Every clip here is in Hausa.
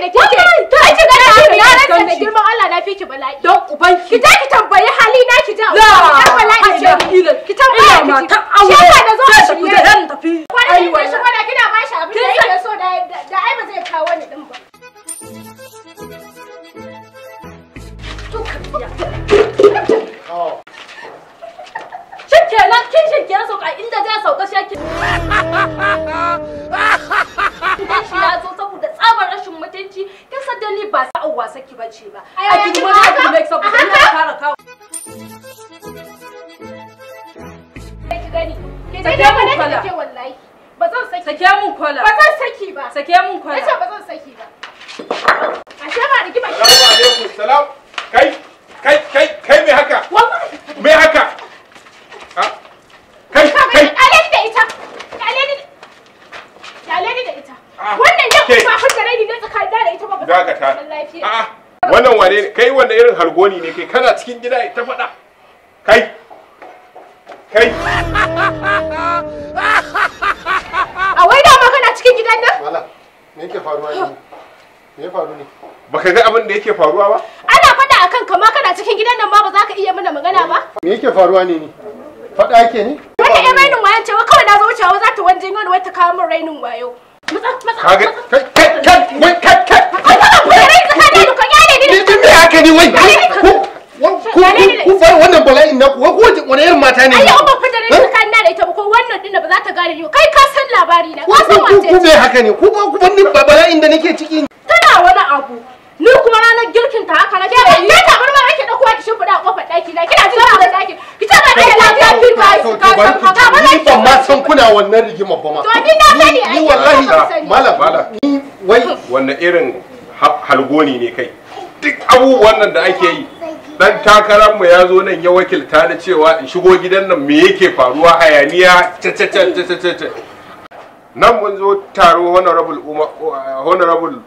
da kike kai ki gana ki na rantsa da girman Allah na fi ki bala'i dan uban ki je ki tambayi hali na ki je dan bala'i ce ki tambaya ki ta aure shi ka da zo ka da ran tafi ai wai shi wala kina ba shi abin da yake so da da ai ba zai kawo ni din ba oh. Shikenan kin shikenan sauka inda zai sauka shi bace ba a kin wani abu make ina fara kawo ki gani ke ke wallahi ba zan saki sake mun kwala ba zan saki ba sake mun kwala nace ba zan saki ba a shaba da ki assalamu alaikum salam kai kai kai kai me haka me haka kai kai kyale da ita kyale da kyale da ita ah, wannan yau ba hujjar ne tsakanin da ita ba ba dakata a'a wannan wane ne kai wanda irin hargoni ne kai kana cikin gida ta faɗa kai kai a wai dama kana cikin gidan nan wala me yake faruwa ne me ya faru ne baka ga abin da yake faruwa ba ana faɗa akan kama kana cikin gidan nan ma ba za ka iya mana magana ba me yake faruwa ne ni faɗa yake ni wannan yan rainin wayan cewa kawai na zo wucewa za ta wanje ni wai ta kawo min rainin wayo matsa matsa kai kai kai ni wai ku bar wannan bala'in na ku ko wani irin mata ne ai da ita ba ko wannan din da ba za ta gane ni kai ka san labari na ka san wace ku bai haka ne ku ku bala'in da nake ciki tana wani abu ni kuma ranar girkin ta haka na ba ne ta bar ma ake da kuwa ki shimfiɗa kofar ɗaki na kina jira da ɗaki ki ta ba da lafiya ki ba su ka san k'a ba ni ban ma san kuna wannan rigima ba ma to ni na sani ai wallahi malam malam ni wai wannan irin halgoni ne kai duk abubuwan nan da ake yi dan takararmu ya zo nan ya wakilta da cewa in shigo gidan nan me yake faruwa hayaniya ta nan mun zo taro honorable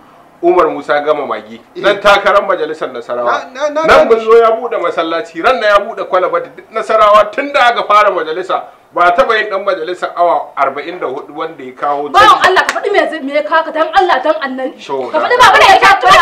umar musa gama magi nan takarar majalisar nasarawa nan mun zo ya bude masallaci ran na ya bude kwalaba nasarawa tun da aka fara majalisa ba taba yin dan majalisar awa 44 wanda ya kawo ba Allah ka faɗi me me ka ka dan Allah dan annan ka faɗi ba bane ya kawo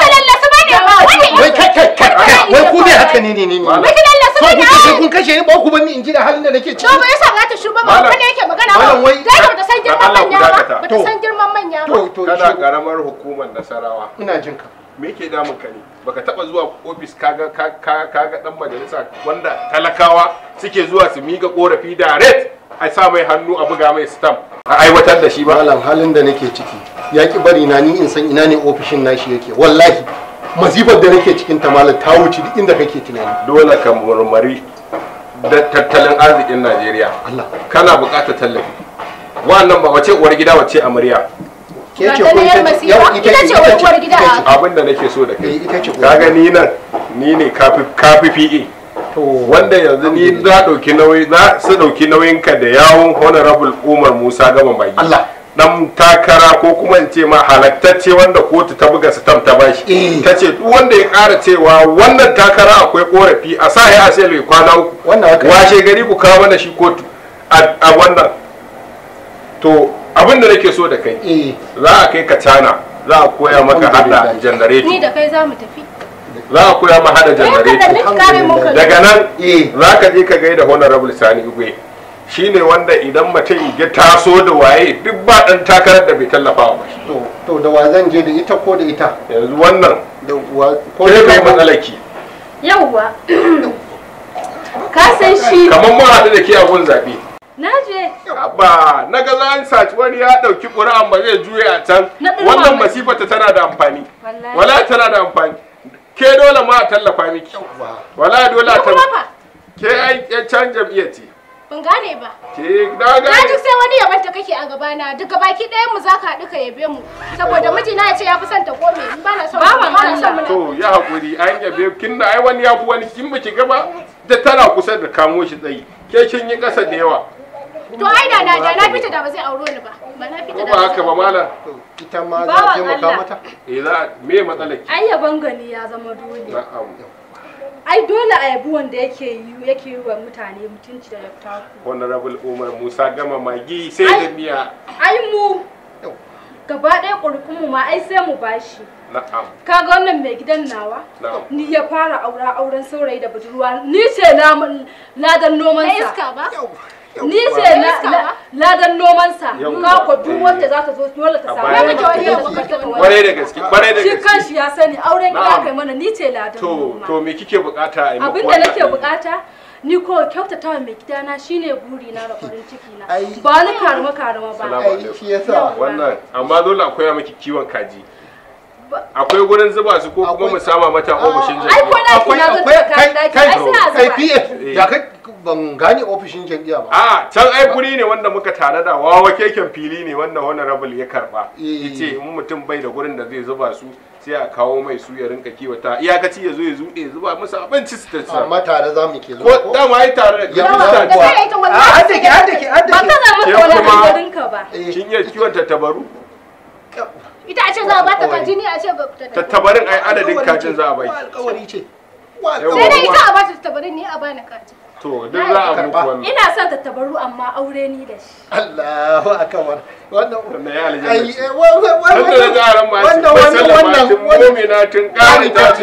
wai kai kai kai wai ku ne haka ne ne ne ne wai gidan Allah sai na sai kun kashe ni ba ku bani in ji da halin da nake ciki to ba yasa ba ta shuba ba kana yake magana ba kai ba ta san girman manya ba ba ta san girman manya ba to kana karamar hukumar Nasarawa ina jin ka me yake damun ka ne baka taba zuwa ofis kaga kaga dan majalisa wanda talakawa suke zuwa su miga korafi direct a sa mai hannu a buga mai stamp a aiwatar da shi ba malam halin da nake ciki ya ki bari na ni in san ina ne ofishin nashi yake wallahi masifar da nake cikin ta malam ta wuce duk inda kake tunani dole ka murmari da tattalin arzikin Najeriya Allah kana buƙatar tallafi wannan ba wace uwar gida wace amarya ke ce ko ita ce uwar gida abin da nake so da kai eh, ka ga ni nan ni ne kafi kafi fi'i wanda yanzu ni za dauki nauyi za su dauki nauyin ka da yawon honorable Umar Musa gaban baki Allah dan takara ko kuma in ce ma halattacce wanda kotu ta buga su ta bashi eh. ta ce duk wanda ya kara cewa wannan takara akwai korafi a sa ya lai kwana uku washe gari ku kawo mana shi kotu a wannan to abin da nake so da kai eh. za a kai ka za a koya maka hada janareto za a koya maka hada janareto daga nan eh. za ka je ka gaida honorable sani igwe shine wanda idan mutum ya taso da waye duk ba dan takarar da bai tallafa ba to to da wa zan je da ita ko da ita yanzu wannan da wa ko da kai matsalaki yawwa ka san shi kamar mun hadu da ke a gun zabe na je ba na ga zan saci wani ya dauki qur'an ba zai juye a can wannan masifa ta tana da amfani wala tana da amfani ke dole ma a tallafa miki wala dole a tallafa ke ai can canja ce Ban gane ba. Ke na gane. Na sai wani yabon ta kake a gabana. duka baki ɗayan mu za ka haɗu ka yabe mu. Saboda mijina ya ce ya fi son ta kome. in ba na son ba na son To ya hakuri an yabe kin da ai wani ya fi wani kin biki gaba da tana kusa da kamo shi tsayi. Ke kin yi ƙasa da yawa. To ai da na da na fita da ba zai auro ni ba. Ba na fita da. Ba haka ba malam. Ita ma za ta taimaka mata. Eh za me matsalar ki? Ai yabon gani ya zama dole. Na'am. ai dole a yabi wanda yake yi yake yi wa mutane mutunci da taku honorable umar musa gama magi sai da miya ai mu gaba ɗaya ƙurkunmu ma ai sai mu bashi na'am ga wannan mai gidan nawa ni ya fara aura auren saurayi da budurwa ni ce ladan noman sa iska ba ni ce ladan noman sa ka ko duk wanda za ta zo dole ta samu wani da gaske kwarai da gaske shi ya sani mana ni ce ladan noma to me kike bukata a yi abin da nake bukata ni ko kyautata wa mai gidana shine buri na da farin ciki na ba ni karama karama ba ai shi yasa wannan amma dole akwai miki kiwon kaji akwai gurin zuba su ko kuma mu sama mata ofishin jam'iyya akwai akwai kai kai pf eh. ya kai ban gane ofishin jam'iyya ba a can ai guri ne wanda muka tare da wawa keken fili ne wanda honorable ya karba eh. yace in mutum bai da gurin da zai zuba su sai a kawo mai su ya rinka kiwata iyakaci ya zo ya zuɗe zuba musu abinci su tafi amma tare za mu ke zuwa ko dama ai tare da ya mutu da kuwa a hadda ke hadda ke hadda ke ba ka za mu kola ba kin iya kiwon tabaru ita a ce za a bata kajini a ce ba ta tabarin ai adadin kacin za a bai alƙawari ce sai dai ita a bata tabarin ni a bani kacin to duk za a muku wannan ina son ta tabaru amma aure ni da shi Allahu akbar wannan wannan ya aljanna ai eh, wannan wannan wannan wannan wannan mu'mina tun ƙari ta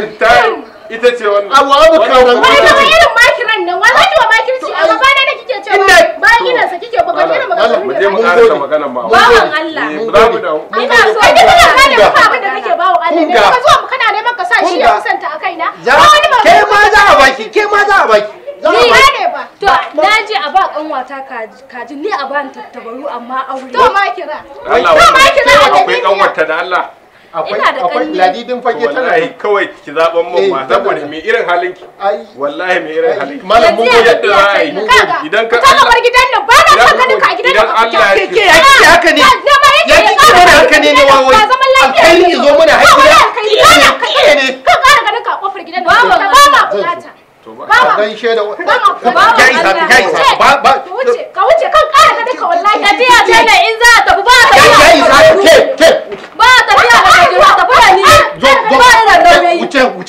tun ita ce wannan wannan abu kan wannan wannan wala kiwa ba kirci a ba na kike cewa ba ina sa kike ba gani na magana mu je mu ƙara magana ma bawan Allah babu da so ai kana kare mu fa abin da kake bawan Allah ne ka zo kana neman ka sa shi ya kusanta a kaina ke ma za a baki ke ma za a baki ni ya ne ba to na je a ba kanwata kaji ni a ba tattabaru amma aure to ma kira Allah ma kira akwai kanwata da Allah ina da kalli ladidin fage tana yi kawai ki zaban mun eh, ma saboda me irin halinki wallahi me irin halinki malam mun ga yadda idan ka Allah bar gidan nan ba na son ka a gidan nan Allah ke ke haka ne yaki haka ne haka ne ne wawo alkhairi ki zo mana haƙi da kai ne ka ƙara ganin ka kofar gidan nan ba ma ka ma bukata to ba ka gaishe da ba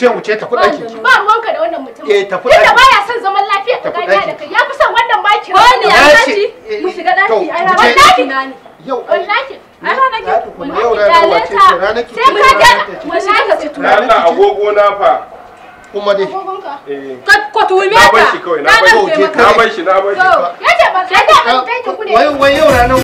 wuce wuce tafi ɗaki ki ba ruwanka da wannan mutum eh tafi ɗaki baya son zaman lafiya ka gani da kai ya fi son wannan maki wani ya tashi eh, mu shiga ɗaki ai ranar ɗaki yau ai ranar eh. ah, yau ranar ɗaki ranar ka ka ka ko ba ka ranar